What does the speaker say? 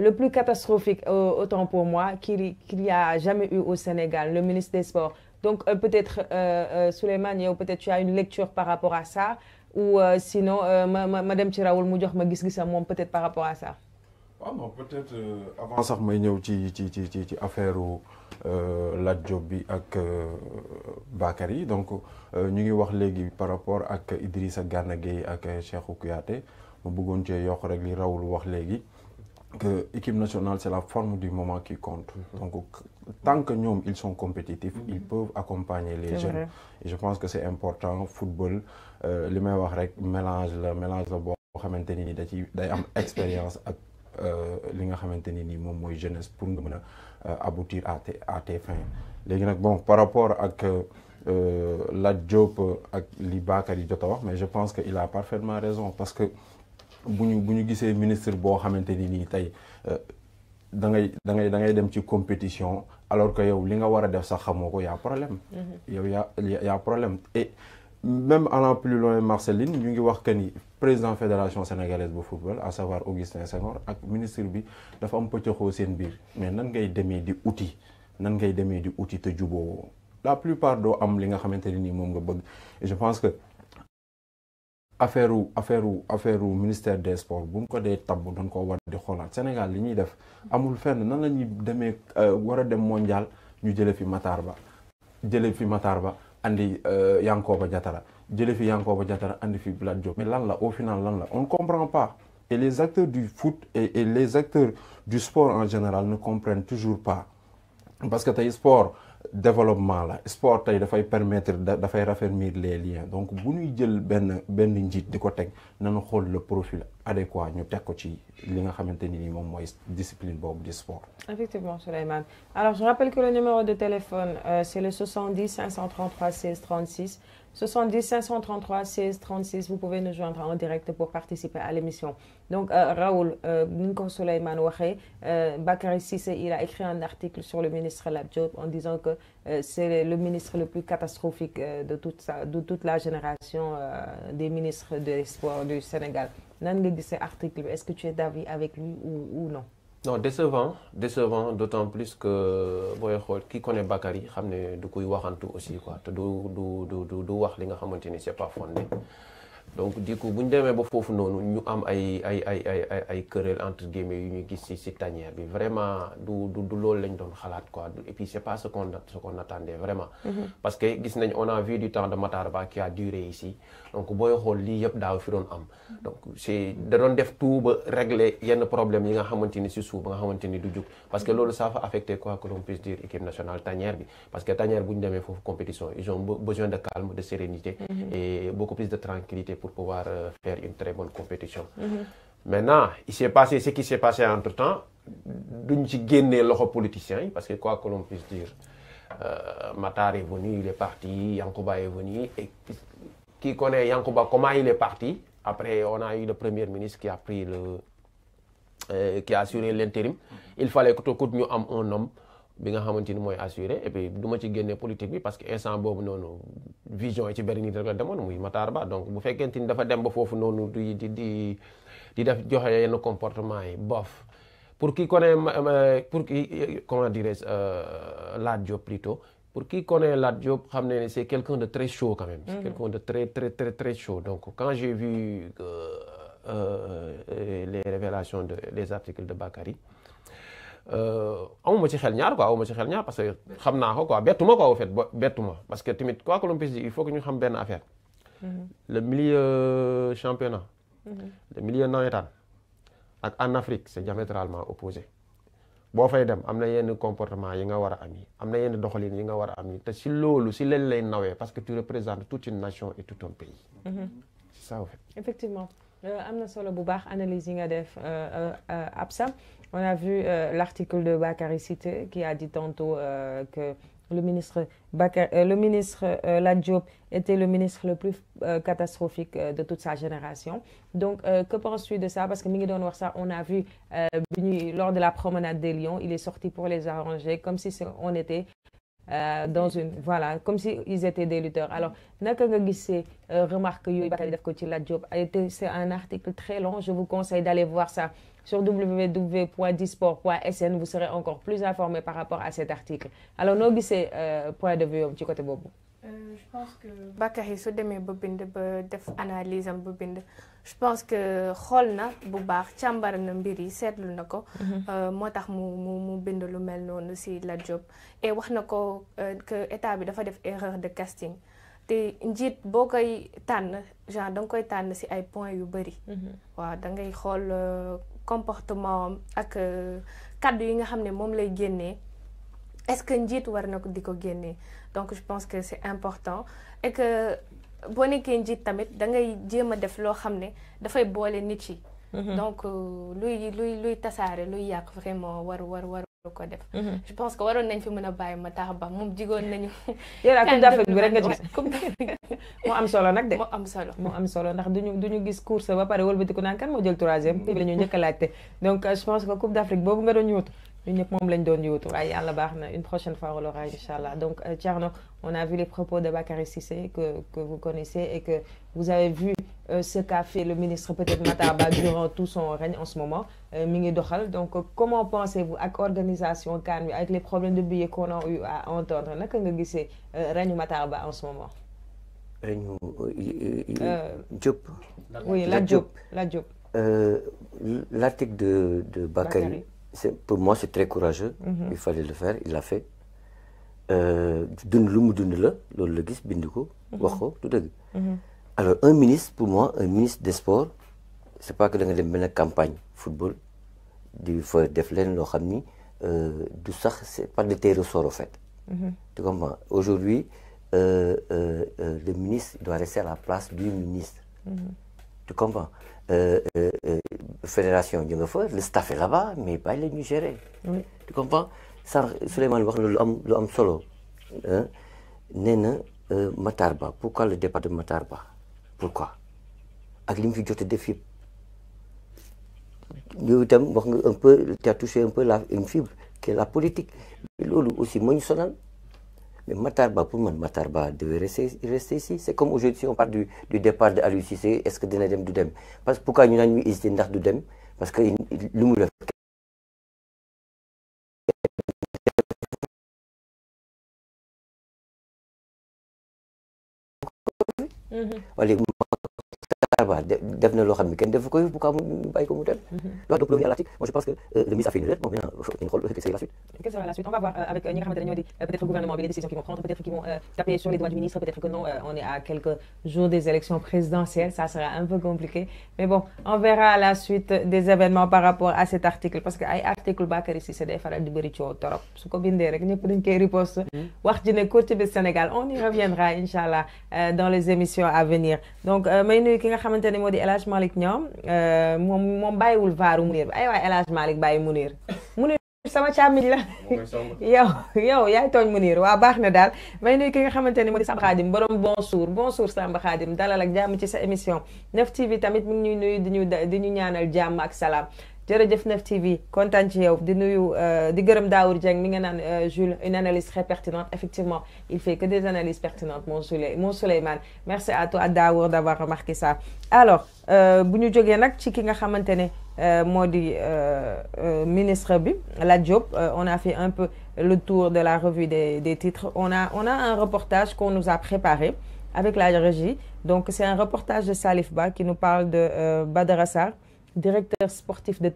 le plus catastrophique, autant pour moi, qu'il qu y a jamais eu au Sénégal, le ministre des Sports. Donc, euh, peut-être, euh, euh peut-être tu as une lecture par rapport à ça, ou euh, sinon, euh, Madame Tiraoul Moudjok m'a peut-être par rapport à ça. Ah non, peut-être avant ça, je suis affaire au la Djobi avec Bakary. Donc, nous avons par rapport à Idrissa Garnagay et Cheikh Kouyaté. Je avons dit que Raoul a que l'équipe nationale, c'est la forme du moment qui compte. Mhm. Donc, tant que nous, ils sont compétitifs, ils mhm. peuvent accompagner les jeunes. Et je pense que c'est important. Football, euh, le meilleur mélange, le mélange de bon, expérience euh, li nga xamante ni nii moom jeunesse pour nga mën euh, aboutir à tes à tes fins Les gens bon par rapport à que euh, Diop ak li Bakary jot mais je pense qu'il a parfaitement raison parce que bu ñu bu ministre bo xamante ni nii tey euh, da ngay da ngay da ngay dem ci compétition alors que yow li nga wara def sax xamoko ya y' a problème. Mm-hmm. yow ya y' a problème et même allant plus loin Marceline ñu ngi wax que ni président fédération sénégalaise de football à savoir Augustin Senghor ak ministre bi dafa am pëccëxoo seen bir mais nan ngay démé di outil nan ngay démé di outil te juboo la plupart do am li nga xamante ni mom nga bëgg je pense que affaire affaire affaire ministère des sports bu ko dee tabb dañ ko war di xoolaat Sénégal li def amul fenn nan la ñuy demee euh, war a dem mondial ñu jëlee fi Matar Ba fi Matar Ba andi euh, Yankoba Diatara jëlee fi Yankoba Diatara andi fi Black Diop mais lan la au final lan la on ne comprend pas et les acteurs du foot et, et les acteurs du sport en général ne comprennent toujours pas parce que tay sport développement sportif. sport da fay permettre dafay raffermir les liens donc bu ñuy jël ben ben njit diko tek nañu xol le profil adéquat ñu tek ko ci li discipline sport. effectivement Souleymane alors je rappelle que le numéro de téléphone euh, c'est le 70 533 16 36 70 533 16 36 vous pouvez nous joindre en direct pour participer à l'émission donc euh, Raoul euh, Ninko ko Souleymane waxé Bakary Cissé il a écrit un article sur le ministre Labdiop en disant que c'est le ministre le plus catastrophique de toute sa de toute la génération des ministres de l'espoir du Sénégal nan nga gisee article bi est-ce que tu es d'avis avec lui ou ou non. non décevant décevant d'autant plus que booy xool qui connaît Bakary xamné du koy waxantou aussi quoi te du du du du wax li nga xamante c'est pas fondé donc du coup bu ñu ba fofu noonu ñu am ay ay ay ay ay querelle entre guillemets yu ñu gis ci ci tanière bi vraiment du du du loolu lañ doon xalaat quoi et puis c'est pas ce qu'on ce qu'on attendait vraiment. Mm-hmm. parce que gis nañ on a vu du temps de Matarba qui a duré ici donc boy xol li yëpp daaw fi doon am. Mm-hmm. donc c'est da doon def tout ba régler yenn problème yi nga xamanteni ci suuf ba nga xamanteni du juk parce que mm-hmm. loolu ça va affecter quoi que l'on puisse dire équipe nationale tanière bi parce que tanière buñ démé fofu compétition ils ont besoin de calme de sérénité. et beaucoup plus de tranquillité pour pouvoir euh, faire une très bonne compétition. Mhm. Maintenant, il s'est passé ce qui s'est passé entre-temps. Duñ ci génnee loxo politiciens parce que quoi que l'on puisse dire euh, Matar est venu, il est parti, Yankouba est venu. Et qui connaît Yankouba, comment il est parti Après, on a eu le premier ministre qui a pris le... Euh, qui a assuré l'intérim. Il fallait que tout coûte mieux un homme bi nga xamante moy mooy assuré et puis duma ci génne politique bi parce que instant boobu noonu vision yi ci benn nit rek la demoon muy Matar Ba donc bu fekkente dafa dem ba fofu noonu di di di di def joxe yenn comportement yi bof pour qui connaît pour qui comment dirais euh Lat Diop plutôt pour qui connaît Lat Diop xam c'est quelqu'un de très chaud quand même c'est mm-hmm. quelqu'un de très très très très chaud donc quand j'ai vu euh, euh, euh les révélations de les articles de Bakary euh, amuma ci xel ñaar quoi amuma ci xel ñaar parce que xam naa ko quoi bettu ma quoi au fait bettu parce que tamit quoi que l'on puisse dire il faut que ñu xam benn affaire. Mm-hmm. le milieu euh, championnat. Mm-hmm. le milieu nawetaan ak en Afrique c'est diamétralement opposé boo fay dem am na yenn comportement yi nga war a am yi am na yenn doxalin yi nga war a am yi te si loolu si leen lay nawee parce que tu représentes toute une nation et tout un pays. Mm-hmm. c'est ça au fait. effectivement euh, am na solo bu baax analyse yi nga def Absa. On a vu euh, l'article de Bakary Cité qui a dit tantôt euh, que le ministre, euh, le ministre était le ministre le plus catastrophique de toute sa génération. Donc, que penses-tu de ça Parce que Miguel ça, on a vu lors de la promenade des Lions, il est sorti pour les arranger comme si on était dans une voilà comme si ils étaient des lutteurs alors remarque def ko c'est un article très long je vous conseille d'aller voir ça sur www.disport.sn, vous serez encore plus informé par rapport à cet article. Alors, nous, c'est euh, point de vue, petit côté Bobo. Euh, je pense que Bakary so demee ba bind ba def analyse am ba bind je pense que xolna bu baax càmbar na mbiri setlu nako mhm. euh motax mu mu mu bind lu mel non si la job et wax nako euh, que état bi dafa def erreur de casting té njit bokay tan genre dang koy tan si ay points yu bëri mhm. waaw da ngay comportement à ak cadre euh, yi nga est-ce que war donc je pense que c'est important et que bon été tamit da ngay def nit mm-hmm. donc lui lui lui tassaré luy vraiment war war ko def mhm. je pense que waroon nañ fi mën a bàyyi ma tax ba moom jigoon nañu yow daal d'Afrique bi rek nga ci moo am solo nag de moo am solo moo am solo ndax duñu duñu gis course ba pare wëlbatiku naan kan moo jël troisième bi la ñu njëkk a laajte donc euh, je pense que coupe d'Afrique boobu nga doon ñëwtu une prochaine fois on l'aura inchallah donc euh, Tcharno, on a vu les propos de Bakary Sissé que que vous connaissez et que vous avez vu euh, ce qu'a fait le ministre peut-être Matarba durant tout son règne en ce moment euh, Mingi donc comment pensez-vous à l'organisation, avec les problèmes de billets qu'on a eu à entendre nga le règne Matarba en ce moment. règne Djoup oui la Djoup la l'article de de Bakary pour moi, c'est très courageux. Mhm. Il fallait le faire, il l'a fait. alors un ministre pour moi un ministre des sports c'est pas que l'on faire une campagne football du faire def leen loo xam euh, c'est pas de tes ressorts en fait. Mhm. tu comprends aujourd'hui euh, euh, le ministre doit rester à la place du ministre. Mhm. tu comprends euh, euh, euh, fédération de nga le staff est là-bas mais pas les ñu gérer. tu comprends Ça, Souleymane wax na lu am solo hein? na Matar pourquoi le départ de Matar pourquoi ak li des fibres. Nous avons un peu tu as touché un peu la une fibre qui est la politique loolu aussi mon sonal. Mais Matarba, pour moi, Matarba devait rester, ici. C'est comme aujourd'hui, on parle du, départ de Alucissé, est-ce que Denadem Doudem Parce que pourquoi nous avons hésité Doudem Parce que nous le Ba def na loo xam ne def ko pourquoi mu bàyyi ko mu dem. Mhm. donc loolu à l'article moi je pense que euh, le mise à fait une erreur bon maintenant ñu xool quelle la suite. Ce sera la suite on va voir euh, avec euh, ñi nga xamante di peut-être le gouvernement bi les décisions qu'ils vont prendre peut-être qu'ils vont taper sur les doigts du ministre peut-être que non on est à quelques jours des élections présidentielles ça sera un peu compliqué mais bon on verra la suite des événements par rapport à cet article parce que ay article Bakary c'est des faral du bëri coow torop su ko bindee rek ñep dañ koy riposte. Mhm. wax ji ne courte bi Sénégal on y reviendra inshallah dans les émissions à venir donc may nuyu ki nga xamante ne moo di El Hadj Malick ñoom euh, moom moom bàyyiwul vaaru Mounir ba ay waay El Hadj Malick bàyyi Mounir Mounir sama càmmiñ la yow yow yaay tooñ Mounir waaw baax na daal may nuyu ki nga xamante ne moo di Samba Khadim borom bonsoir bonsoir Samba Khadim dalal ak jàmm ci sa émission 9TV tamit mu ngi ñuy nuyu di ñu ñaanal jàmm ak salaam jërëjëf 9TV kontaan ci yow di nuyu euh, di gërëm mi nga euh, Jules une analyse très pertinente effectivement il fait que des analyses pertinentes mon Souley mon souleyman merci à toi Daour d'avoir remarqué ça. alors euh, bu ñu jógee nag ci ki nga xamante ne moo di ministre bi la Diop on a fait un peu le tour de la revue des des titres on a on a un reportage qu'on nous a préparé avec la régie donc c'est un reportage de Salif Ba qui nous parle de Badrassar directeur sportif de